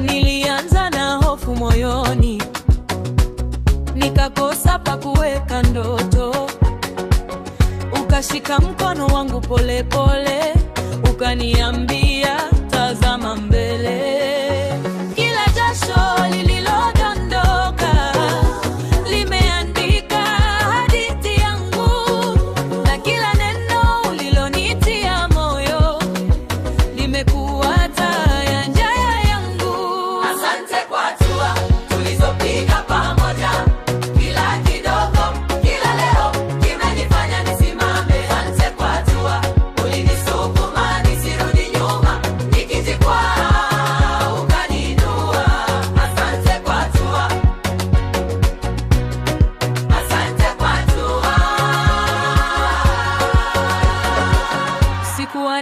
Nilianza na hofu moyoni, nikakosa pa kuweka ndoto. Ukashika mkono wangu polepole, ukaniambia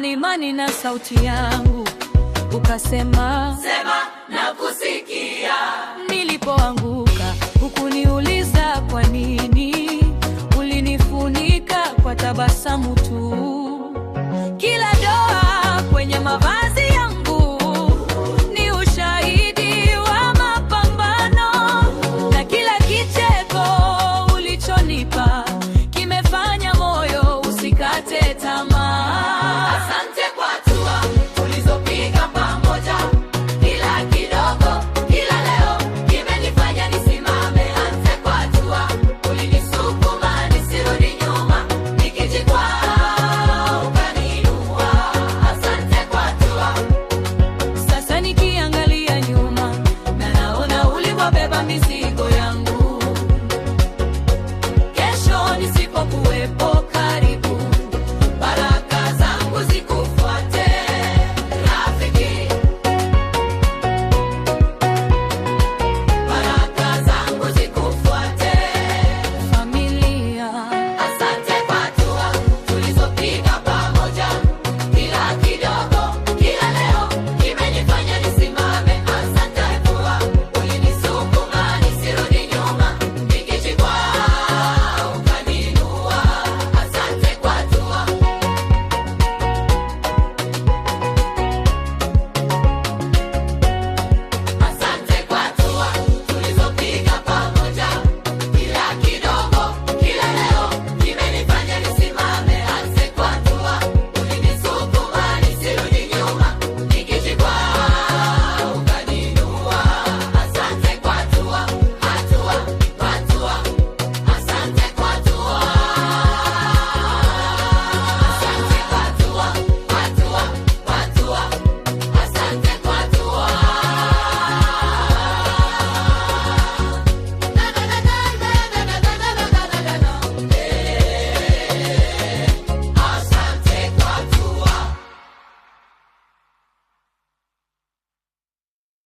imani imani na sauti yangu, ukasema sema na kusikia. Nilipoanguka hukuniuliza kwa nini, ulinifunika kwa tabasamu tu, kila doa kwenye mavazi